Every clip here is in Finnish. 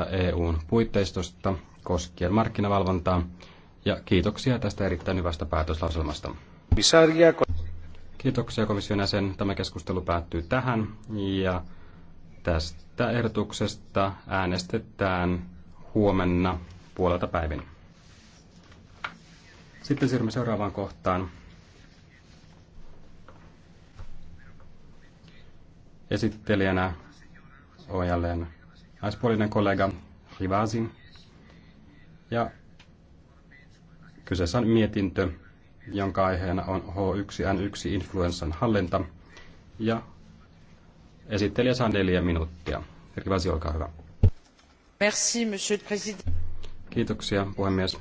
Äh, EUn puitteistosta koskien markkinavalvontaa ja kiitoksia tästä erittäin hyvästä päätöslauselmasta. Kiitoksia komission jäsen. Tämä keskustelu päättyy tähän ja tästä ehdotuksesta äänestetään huomenna puolelta päivin. Sitten siirrymme seuraavaan kohtaan. Esittelijänä on jälleen naispuolinen kollega Rivasi. Ja kyseessä on mietintö, jonka aiheena on H1N1 influenssan hallinta. Ja esittelijä saa neljä minuuttia. Rivasi, olkaa hyvä. Merci, monsieur le président. Kiitoksia, puhemies.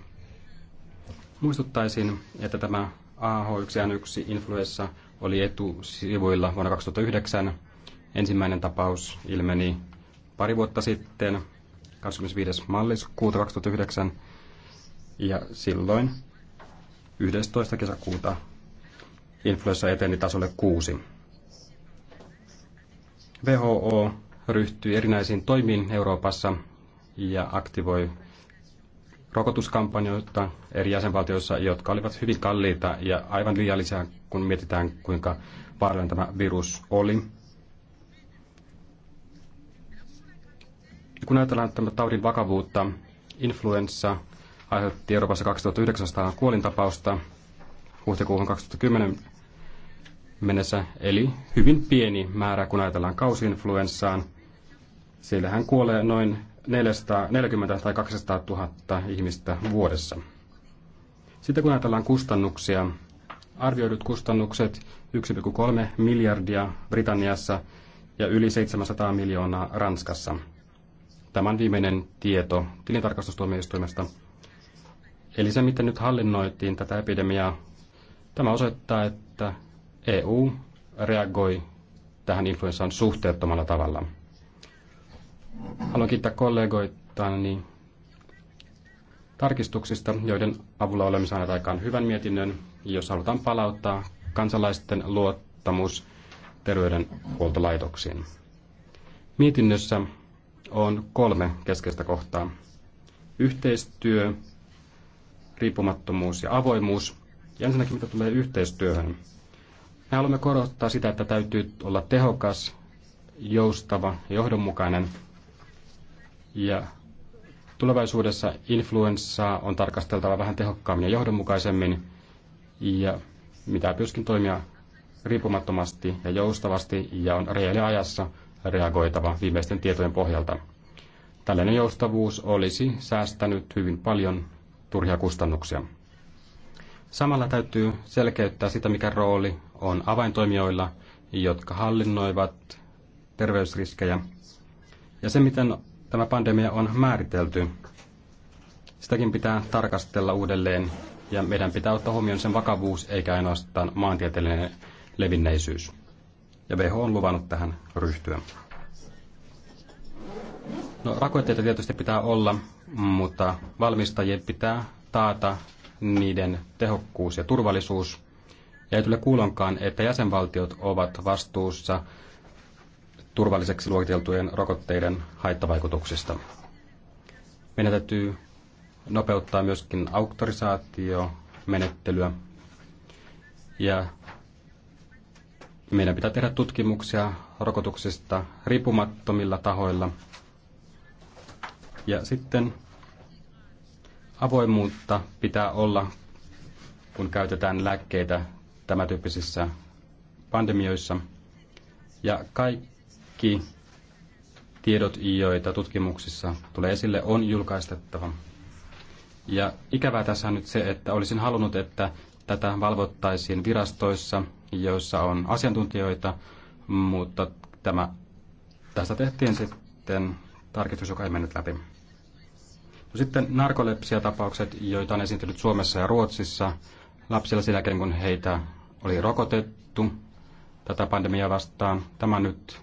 Muistuttaisin, että tämä AH1N1 influenssa oli etusivuilla vuonna 2009. Ensimmäinen tapaus ilmeni pari vuotta sitten, 25. maaliskuuta 2009, ja silloin 11. kesäkuuta influenssa eteni tasolle 6. WHO ryhtyi erinäisiin toimiin Euroopassa ja aktivoi rokotuskampanjoita eri jäsenvaltioissa, jotka olivat hyvin kalliita ja aivan liiallisia, kun mietitään, kuinka vaarallinen tämä virus oli Kun ajatellaan tämän taudin vakavuutta, influenssa aiheutti Euroopassa 2900 kuolintapausta huhtikuuhun 2010 mennessä, eli hyvin pieni määrä, kun ajatellaan kausiinfluenssaan. Siellähän kuolee noin 440 tai 200 000 ihmistä vuodessa. Sitten kun ajatellaan kustannuksia, arvioidut kustannukset 1,3 miljardia Britanniassa ja yli 700 miljoonaa Ranskassa. Tämän viimeinen tieto tilintarkastustuomioistuimesta. Eli se, miten nyt hallinnoitiin tätä epidemiaa, tämä osoittaa, että EU reagoi tähän influenssaan suhteettomalla tavalla. Haluan kiittää kollegoitani tarkistuksista, joiden avulla olemme saaneet aikaan hyvän mietinnön, jos halutaan palauttaa kansalaisten luottamus terveydenhuoltolaitoksiin. Mietinnössä on kolme keskeistä kohtaa. Yhteistyö, riippumattomuus ja avoimuus. Ja ensinnäkin mitä tulee yhteistyöhön. Me haluamme korostaa sitä, että täytyy olla tehokas, joustava ja johdonmukainen. Ja tulevaisuudessa influenssaa on tarkasteltava vähän tehokkaammin ja johdonmukaisemmin. Ja mitä myöskin toimia riippumattomasti ja joustavasti ja on reaaliajassa reagoitava viimeisten tietojen pohjalta. Tällainen joustavuus olisi säästänyt hyvin paljon turhia kustannuksia. Samalla täytyy selkeyttää sitä, mikä rooli on avaintoimijoilla, jotka hallinnoivat terveysriskejä, ja se, miten tämä pandemia on määritelty. Sitäkin pitää tarkastella uudelleen, ja meidän pitää ottaa huomioon sen vakavuus, eikä ainoastaan maantieteellinen levinneisyys ja WHO on luvannut tähän ryhtyä. No, rakoitteita tietysti pitää olla, mutta valmistajien pitää taata niiden tehokkuus ja turvallisuus. Ja ei tule kuulonkaan, että jäsenvaltiot ovat vastuussa turvalliseksi luokiteltujen rokotteiden haittavaikutuksista. Meidän täytyy nopeuttaa myöskin auktorisaatiomenettelyä ja meidän pitää tehdä tutkimuksia rokotuksista riippumattomilla tahoilla. Ja sitten avoimuutta pitää olla, kun käytetään lääkkeitä tämä tyyppisissä pandemioissa. Ja kaikki tiedot, joita tutkimuksissa tulee esille, on julkaistettava. Ja ikävää tässä on nyt se, että olisin halunnut, että tätä valvottaisiin virastoissa joissa on asiantuntijoita, mutta tämä, tästä tehtiin sitten tarkistus, joka ei mennyt läpi. No sitten narkolepsiatapaukset, joita on esiintynyt Suomessa ja Ruotsissa lapsilla sen jälkeen, kun heitä oli rokotettu tätä pandemiaa vastaan. Tämä on nyt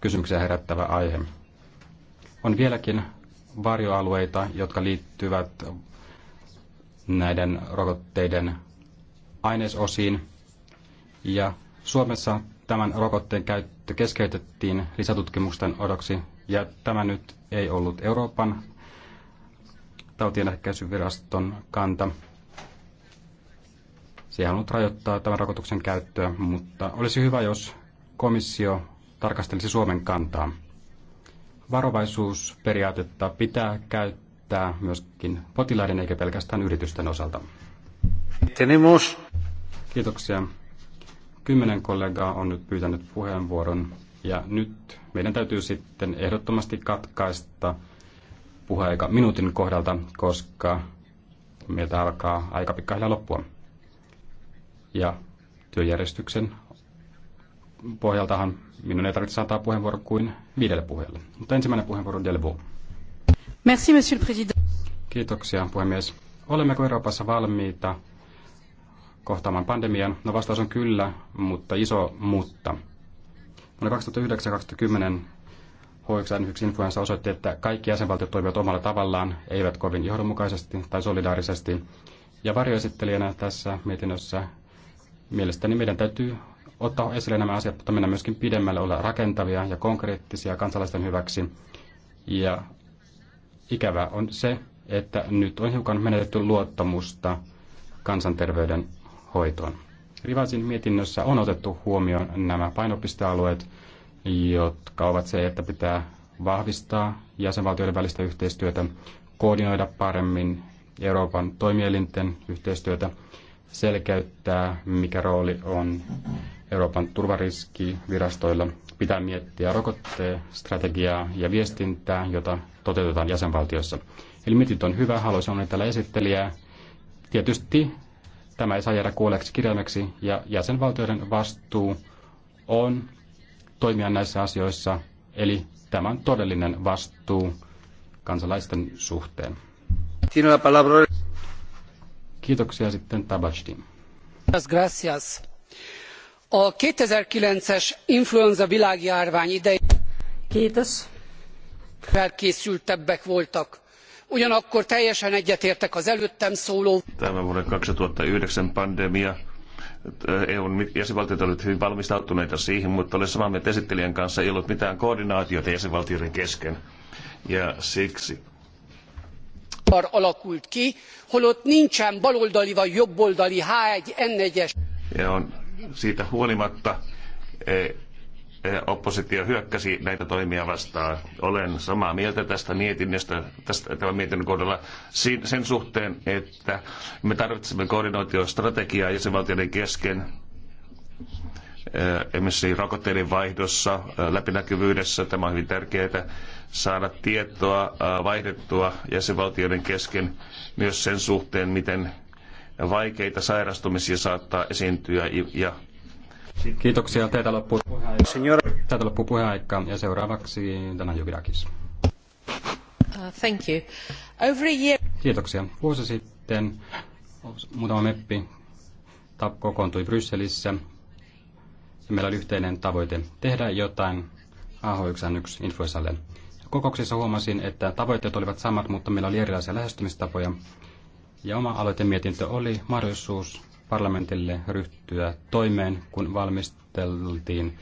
kysymyksiä herättävä aihe. On vieläkin varjoalueita, jotka liittyvät näiden rokotteiden ainesosiin. Ja Suomessa tämän rokotteen käyttö keskeytettiin lisätutkimusten odoksi, ja tämä nyt ei ollut Euroopan tautienehkäisyviraston kanta. Se ei halunnut rajoittaa tämän rokotuksen käyttöä, mutta olisi hyvä, jos komissio tarkastelisi Suomen kantaa. Varovaisuusperiaatetta pitää käyttää myöskin potilaiden eikä pelkästään yritysten osalta. Tenemos. Kiitoksia. Kymmenen kollegaa on nyt pyytänyt puheenvuoron ja nyt meidän täytyy sitten ehdottomasti katkaista puheaika minuutin kohdalta, koska meiltä alkaa aika pikkahiljaa loppua. Ja työjärjestyksen pohjaltahan minun ei tarvitse saada puheenvuoro kuin viidelle puheelle. Mutta ensimmäinen puheenvuoro Delvo. Merci, monsieur le président. Kiitoksia, puhemies. Olemmeko Euroopassa valmiita kohtaamaan pandemian? No vastaus on kyllä, mutta iso mutta. Vuonna 2009-2010 HXN1-influenssa osoitti, että kaikki jäsenvaltiot toimivat omalla tavallaan, eivät kovin johdonmukaisesti tai solidaarisesti. Ja varjoesittelijänä tässä mietinnössä mielestäni meidän täytyy ottaa esille nämä asiat, mutta mennä myöskin pidemmälle, olla rakentavia ja konkreettisia kansalaisten hyväksi. Ja ikävää on se, että nyt on hiukan menetetty luottamusta kansanterveyden hoitoon. Rivasin mietinnössä on otettu huomioon nämä painopistealueet, jotka ovat se, että pitää vahvistaa jäsenvaltioiden välistä yhteistyötä, koordinoida paremmin Euroopan toimielinten yhteistyötä, selkeyttää, mikä rooli on Euroopan turvariskivirastoilla, pitää miettiä strategiaa ja viestintää, jota toteutetaan jäsenvaltiossa. Eli mietintö on hyvä, haluaisin täällä esittelijää. Tietysti Tämä ei saa jäädä kuolleeksi kirjaimeksi ja jäsenvaltioiden vastuu on toimia näissä asioissa, eli tämä on todellinen vastuu kansalaisten suhteen. Kiitoksia sitten Tabajdi. Gracias. A 2009-es influenza világjárvány idején Kiitos. felkészültebbek voltak Ugyanakkor teljesen egyetértek az előttem szóló. Tämä vuoden 2009 pandemia eh, EUn jäsenvaltiot olivat hyvin valmistautuneita siihen, mutta olen samaa mieltä esittelijän kanssa, ei ollut mitään koordinaatiota jäsenvaltioiden kesken. Ja siksi alakult ki, holott nincsen baloldali vagy jobboldali H1N1-es. Ja on siitä huolimatta eh, Eh, oppositio hyökkäsi näitä toimia vastaan. Olen samaa mieltä tästä mietinnöstä, tästä, tämän mietinnön kohdalla sen suhteen, että me tarvitsemme koordinaatiostrategiaa jäsenvaltioiden kesken eh, esimerkiksi rokotteiden vaihdossa, eh, läpinäkyvyydessä. Tämä on hyvin tärkeää saada tietoa vaihdettua jäsenvaltioiden kesken myös sen suhteen, miten vaikeita sairastumisia saattaa esiintyä ja Kiitoksia. Teiltä loppuu puheenaikaa. loppu loppuu puheenaikaa. Ja seuraavaksi Dana Jukidakis. Uh, thank you. Over a year... Kiitoksia. Vuosi sitten muutama meppi TAP kokoontui Brysselissä. Ja meillä oli yhteinen tavoite tehdä jotain AH1N1-influensalle. huomasin, että tavoitteet olivat samat, mutta meillä oli erilaisia lähestymistapoja. Ja oma aloitemietintö oli mahdollisuus parlamentille ryhtyä toimeen, kun valmisteltiin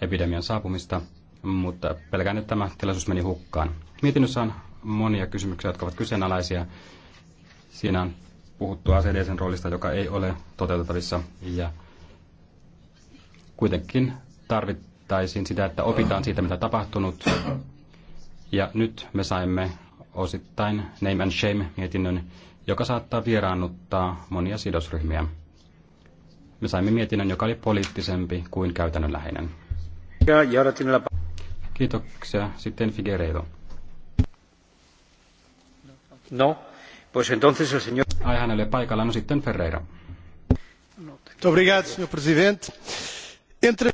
epidemian saapumista, mutta pelkään, että tämä tilaisuus meni hukkaan. Mietinnössä on monia kysymyksiä, jotka ovat kyseenalaisia. Siinä on puhuttu aseiden roolista, joka ei ole toteutettavissa ja kuitenkin tarvittaisiin sitä, että opitaan siitä, mitä tapahtunut. Ja nyt me saimme osittain Name and Shame-mietinnön, joka saattaa vieraannuttaa monia sidosryhmiä me saimme mietinnön, joka oli poliittisempi kuin käytännönläheinen. Kiitoksia. Sitten Figueiredo. No, pues entonces el señor... Ai hänelle paikalla, no sitten Ferreira. Obrigado, señor presidente. Entre...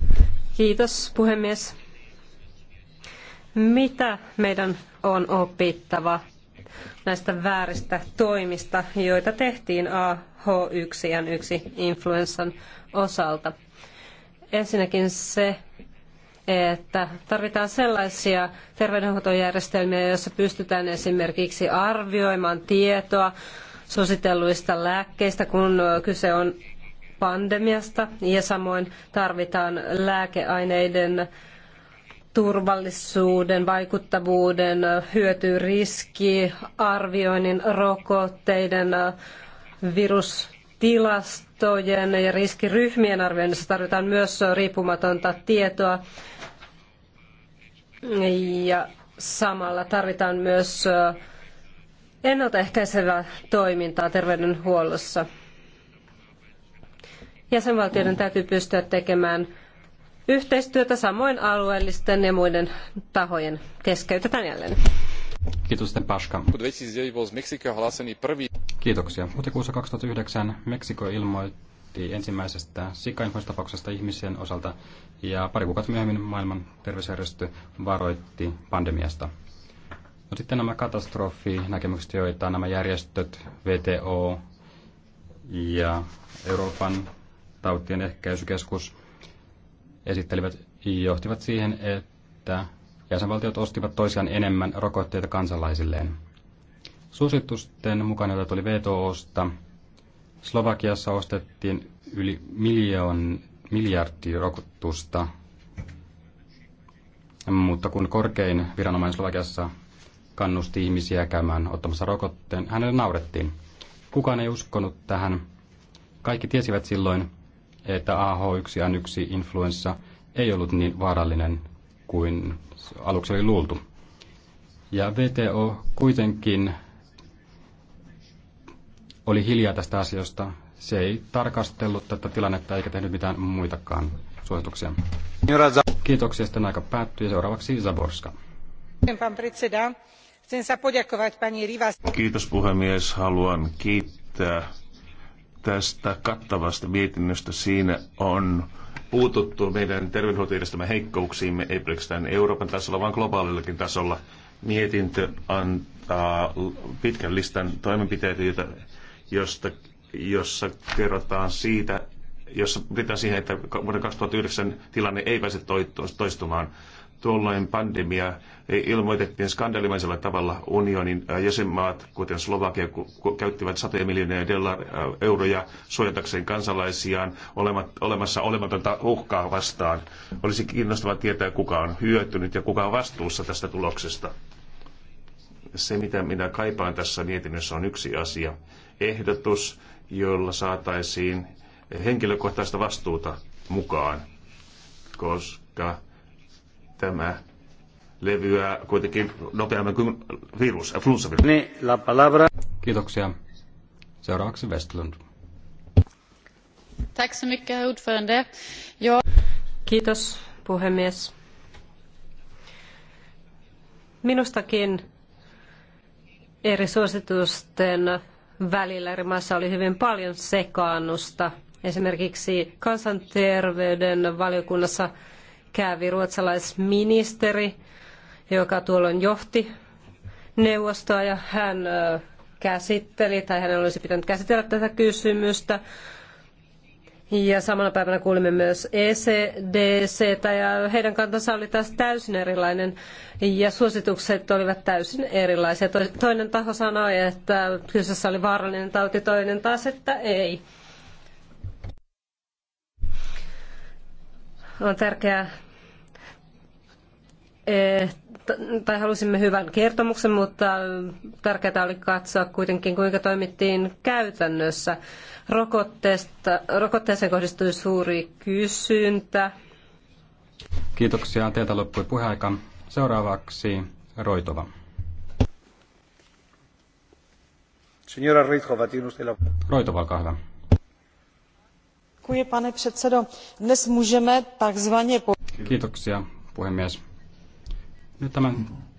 Kiitos, puhemies. Mitä meidän on opittava näistä vääristä toimista, joita tehtiin AH1N1 influenssan osalta. Ensinnäkin se, että tarvitaan sellaisia terveydenhuoltojärjestelmiä, joissa pystytään esimerkiksi arvioimaan tietoa suositelluista lääkkeistä, kun kyse on pandemiasta, ja samoin tarvitaan lääkeaineiden turvallisuuden, vaikuttavuuden, hyötyriski, arvioinnin, rokotteiden, virustilastojen ja riskiryhmien arvioinnissa tarvitaan myös riippumatonta tietoa. Ja samalla tarvitaan myös ennaltaehkäisevää toimintaa terveydenhuollossa. Jäsenvaltioiden täytyy pystyä tekemään yhteistyötä samoin alueellisten ja muiden tahojen keskeytetään jälleen. Kiitos, Paska. Kiitoksia. Huhtikuussa 2009 Meksiko ilmoitti ensimmäisestä sikainfluenssatapauksesta ihmisen osalta ja pari kuukautta myöhemmin maailman terveysjärjestö varoitti pandemiasta. No sitten nämä katastrofinäkemykset, joita nämä järjestöt, VTO ja Euroopan tautien ehkäisykeskus esittelivät, johtivat siihen, että jäsenvaltiot ostivat toisiaan enemmän rokotteita kansalaisilleen. Suositusten mukaan, joita tuli VTOsta, Slovakiassa ostettiin yli miljoon, miljardi rokotusta, mutta kun korkein viranomainen Slovakiassa kannusti ihmisiä käymään ottamassa rokotteen, hänelle naurettiin. Kukaan ei uskonut tähän. Kaikki tiesivät silloin, että AH1N1-influenssa ei ollut niin vaarallinen kuin aluksi oli luultu. Ja VTO kuitenkin oli hiljaa tästä asiasta. Se ei tarkastellut tätä tilannetta eikä tehnyt mitään muitakaan suosituksia. Kiitoksia. Sitten aika päättyy. Seuraavaksi Zaborska. Kiitos puhemies. Haluan kiittää tästä kattavasta mietinnöstä. Siinä on puututtu meidän terveydenhuoltojärjestelmän heikkouksiimme, ei pelkästään Euroopan tasolla, vaan globaalillakin tasolla. Mietintö antaa pitkän listan toimenpiteitä, josta, jossa kerrotaan siitä, jossa pitää siihen, että vuoden 2009 tilanne ei pääse toistumaan. Tuolloin pandemia ilmoitettiin skandalimaisella tavalla unionin äh, jäsenmaat, kuten Slovakia, käyttivät satoja miljoonia äh, euroja suojatakseen kansalaisiaan olemassa olematonta uhkaa vastaan. Olisi kiinnostavaa tietää, kuka on hyötynyt ja kuka on vastuussa tästä tuloksesta. Se, mitä minä kaipaan tässä mietinnössä, on yksi asia. Ehdotus, jolla saataisiin henkilökohtaista vastuuta mukaan, koska tämä levyä kuitenkin nopeammin kuin virus, flunssavirus. Niin, Kiitoksia. Seuraavaksi Westlund. Tack så mycket, herr ordförande. Kiitos, puhemies. Minustakin eri suositusten välillä eri maissa oli hyvin paljon sekaannusta. Esimerkiksi kansanterveyden valiokunnassa kävi ruotsalaisministeri, joka tuolloin johti neuvostoa ja hän käsitteli, tai hänen olisi pitänyt käsitellä tätä kysymystä. Ja samana päivänä kuulimme myös ECDC, ja heidän kantansa oli taas täysin erilainen, ja suositukset olivat täysin erilaisia. Toinen taho sanoi, että kyseessä oli vaarallinen tauti, toinen taas, että ei. On tärkeää, eh, tai halusimme hyvän kertomuksen, mutta tärkeää oli katsoa kuitenkin, kuinka toimittiin käytännössä. Rokotteesta, rokotteeseen kohdistui suuri kysyntä. Kiitoksia. Teiltä loppui puheaika. Seuraavaksi Roitova. Signora Roitova, Roitova, olkaa hyvä pane předsedající dnes můžeme takzvaně. kiitoksia puhemies. nyt tämän,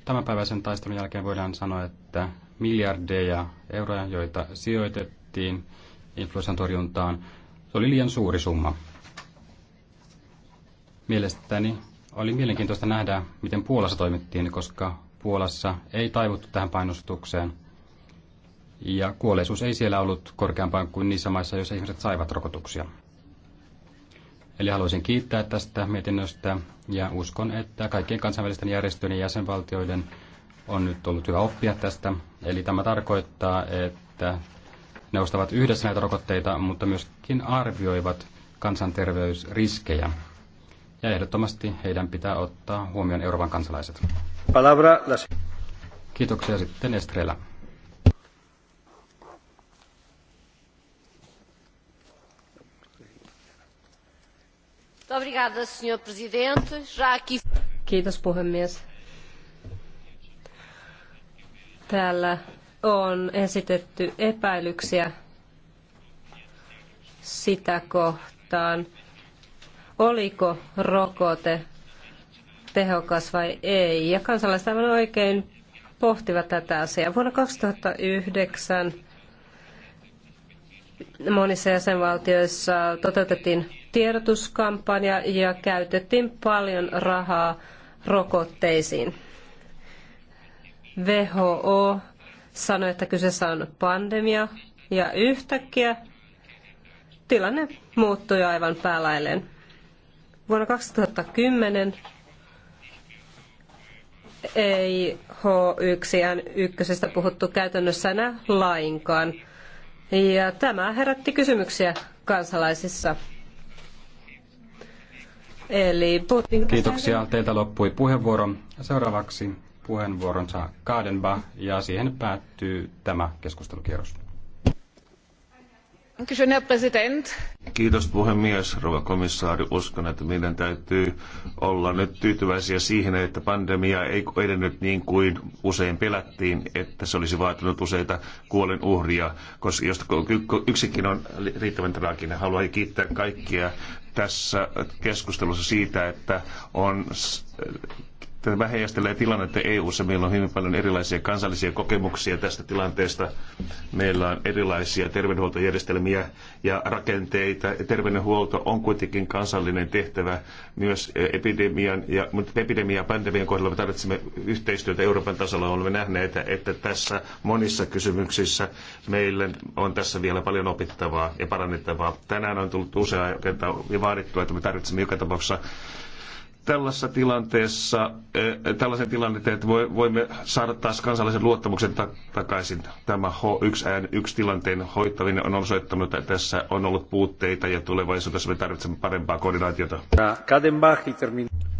tämänpäiväisen taistelun jälkeen voidaan sanoa että miljardeja euroja joita sijoitettiin influenssan torjuntaan se oli liian suuri summa. Mielestäni oli mielenkiintoista nähdä, miten Puolassa toimittiin, koska Puolassa ei taivuttu tähän painostukseen. Ja kuolleisuus ei siellä ollut korkeampaa kuin niissä maissa, joissa ihmiset saivat rokotuksia. Eli haluaisin kiittää tästä mietinnöstä ja uskon, että kaikkien kansainvälisten järjestöjen ja jäsenvaltioiden on nyt ollut hyvä oppia tästä. Eli tämä tarkoittaa, että ne ostavat yhdessä näitä rokotteita, mutta myöskin arvioivat kansanterveysriskejä. Ja ehdottomasti heidän pitää ottaa huomioon Euroopan kansalaiset. Palabra. Kiitoksia sitten Estrella. Kiitos puhemies. Täällä on esitetty epäilyksiä sitä kohtaan, oliko rokote tehokas vai ei. Ja kansalaiset aivan oikein pohtivat tätä asiaa. Vuonna 2009 monissa jäsenvaltioissa toteutettiin tiedotuskampanja ja käytettiin paljon rahaa rokotteisiin. WHO sanoi, että kyseessä on pandemia ja yhtäkkiä tilanne muuttui aivan päälailleen. Vuonna 2010 ei H1N1 puhuttu käytännössä enää lainkaan. Ja tämä herätti kysymyksiä kansalaisissa. Eli Putin... Kiitoksia. Teiltä loppui puheenvuoro. Seuraavaksi puheenvuoron saa Kaadenba ja siihen päättyy tämä keskustelukierros. Kiitos puhemies, rouva komissaari. Uskon, että meidän täytyy olla nyt tyytyväisiä siihen, että pandemia ei edennyt niin kuin usein pelättiin, että se olisi vaatinut useita kuolen uhria, koska jos yksikin on riittävän traaginen. Haluan kiittää kaikkia tässä keskustelussa siitä, että on tämä heijastelee tilannetta EU-ssa. Meillä on hyvin paljon erilaisia kansallisia kokemuksia tästä tilanteesta. Meillä on erilaisia terveydenhuoltojärjestelmiä ja rakenteita. Terveydenhuolto on kuitenkin kansallinen tehtävä myös eh, epidemian ja, mutta epidemia ja pandemian kohdalla me tarvitsemme yhteistyötä Euroopan tasolla. Olemme nähneet, että tässä monissa kysymyksissä meillä on tässä vielä paljon opittavaa ja parannettavaa. Tänään on tullut useaa kertaa ja vaadittua, että me tarvitsemme joka tapauksessa Tällaisessa tilanteessa, eh, tällaisen tilanteen, että voimme saada taas kansallisen luottamuksen takaisin. Tämä H1N1 tilanteen hoitaminen on osoittanut, että tässä on ollut puutteita ja tulevaisuudessa me tarvitsemme parempaa koordinaatiota.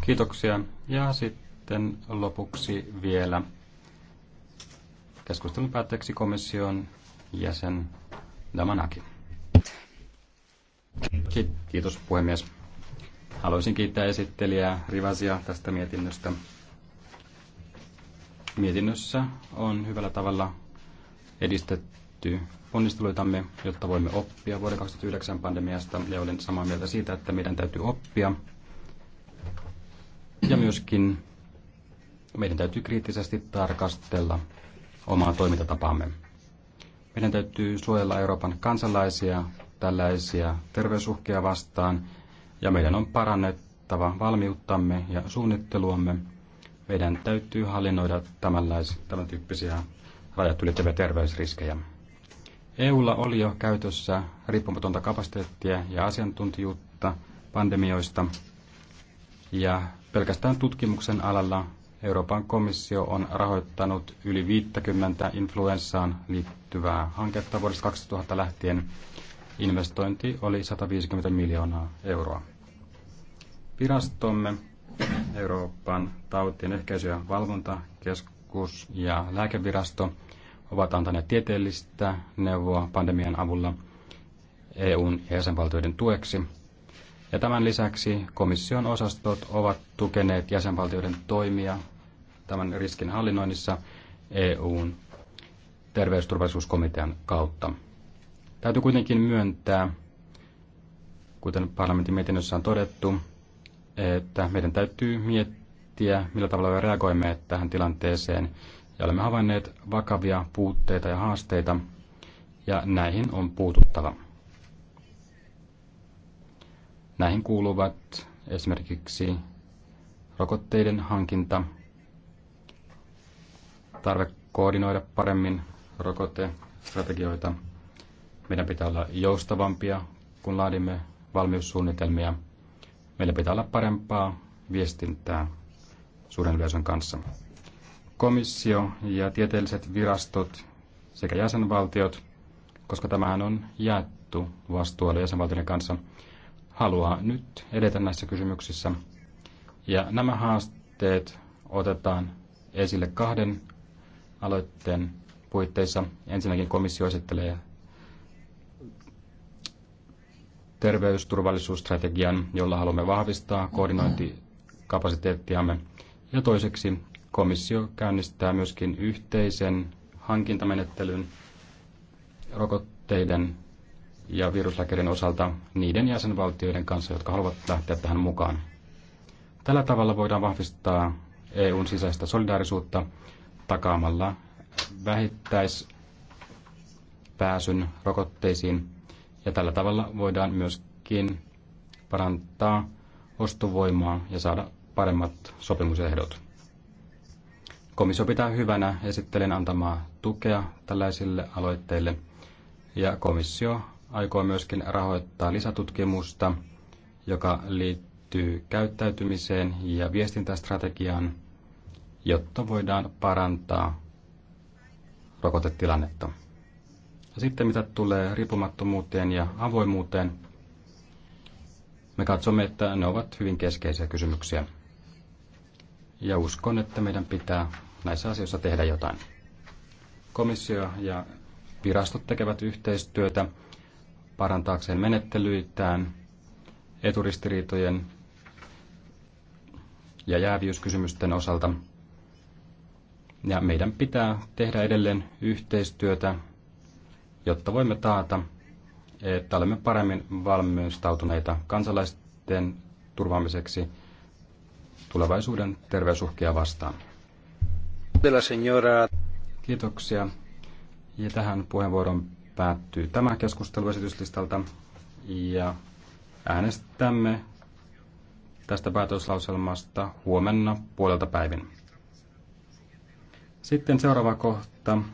Kiitoksia. Ja sitten lopuksi vielä keskustelun päätteeksi komission jäsen Damanaki. Kiitos puhemies. Haluaisin kiittää esittelijää Rivasia tästä mietinnöstä. Mietinnössä on hyvällä tavalla edistetty onnisteluitamme, jotta voimme oppia vuoden 2009 pandemiasta, ja olen samaa mieltä siitä, että meidän täytyy oppia. Ja myöskin meidän täytyy kriittisesti tarkastella omaa toimintatapaamme. Meidän täytyy suojella Euroopan kansalaisia tällaisia terveysuhkia vastaan ja meidän on parannettava valmiuttamme ja suunnitteluamme. Meidän täytyy hallinnoida tämänlais, tämän tyyppisiä rajat ylittäviä terveysriskejä. EUlla oli jo käytössä riippumatonta kapasiteettia ja asiantuntijuutta pandemioista, ja pelkästään tutkimuksen alalla Euroopan komissio on rahoittanut yli 50 influenssaan liittyvää hanketta vuodesta 2000 lähtien. Investointi oli 150 miljoonaa euroa. Virastomme, Euroopan tautien ehkäisy- ja valvontakeskus ja lääkevirasto ovat antaneet tieteellistä neuvoa pandemian avulla EUn ja jäsenvaltioiden tueksi. Ja tämän lisäksi komission osastot ovat tukeneet jäsenvaltioiden toimia tämän riskin hallinnoinnissa EUn terveysturvallisuuskomitean kautta. Täytyy kuitenkin myöntää, kuten parlamentin mietinnössä on todettu, että meidän täytyy miettiä, millä tavalla me reagoimme tähän tilanteeseen. Ja olemme havainneet vakavia puutteita ja haasteita, ja näihin on puututtava. Näihin kuuluvat esimerkiksi rokotteiden hankinta, tarve koordinoida paremmin rokotestrategioita. Meidän pitää olla joustavampia, kun laadimme valmiussuunnitelmia – Meillä pitää olla parempaa viestintää suuren yleisön kanssa. Komissio ja tieteelliset virastot sekä jäsenvaltiot, koska tämähän on jaettu vastuulle jäsenvaltioiden kanssa, haluaa nyt edetä näissä kysymyksissä. Ja nämä haasteet otetaan esille kahden aloitteen puitteissa. Ensinnäkin komissio esittelee terveysturvallisuusstrategian, jolla haluamme vahvistaa koordinointikapasiteettiamme. Ja toiseksi komissio käynnistää myöskin yhteisen hankintamenettelyn rokotteiden ja viruslääkärin osalta niiden jäsenvaltioiden kanssa, jotka haluavat lähteä tähän mukaan. Tällä tavalla voidaan vahvistaa EUn sisäistä solidaarisuutta takaamalla vähittäispääsyn rokotteisiin ja tällä tavalla voidaan myöskin parantaa ostovoimaa ja saada paremmat sopimusehdot. Komissio pitää hyvänä esittelen antamaa tukea tällaisille aloitteille ja komissio aikoo myöskin rahoittaa lisätutkimusta, joka liittyy käyttäytymiseen ja viestintästrategiaan, jotta voidaan parantaa rokotetilannetta. Sitten mitä tulee riippumattomuuteen ja avoimuuteen, me katsomme, että ne ovat hyvin keskeisiä kysymyksiä. Ja uskon, että meidän pitää näissä asioissa tehdä jotain. Komissio ja virastot tekevät yhteistyötä parantaakseen menettelyitään, eturistiriitojen ja jääviyskysymysten osalta. Ja meidän pitää tehdä edelleen yhteistyötä jotta voimme taata, että olemme paremmin valmistautuneita kansalaisten turvaamiseksi tulevaisuuden terveysuhkia vastaan. Kiitoksia. Ja tähän puheenvuoron päättyy tämä keskustelu esityslistalta. Ja äänestämme tästä päätöslauselmasta huomenna puolelta päivin. Sitten seuraava kohta.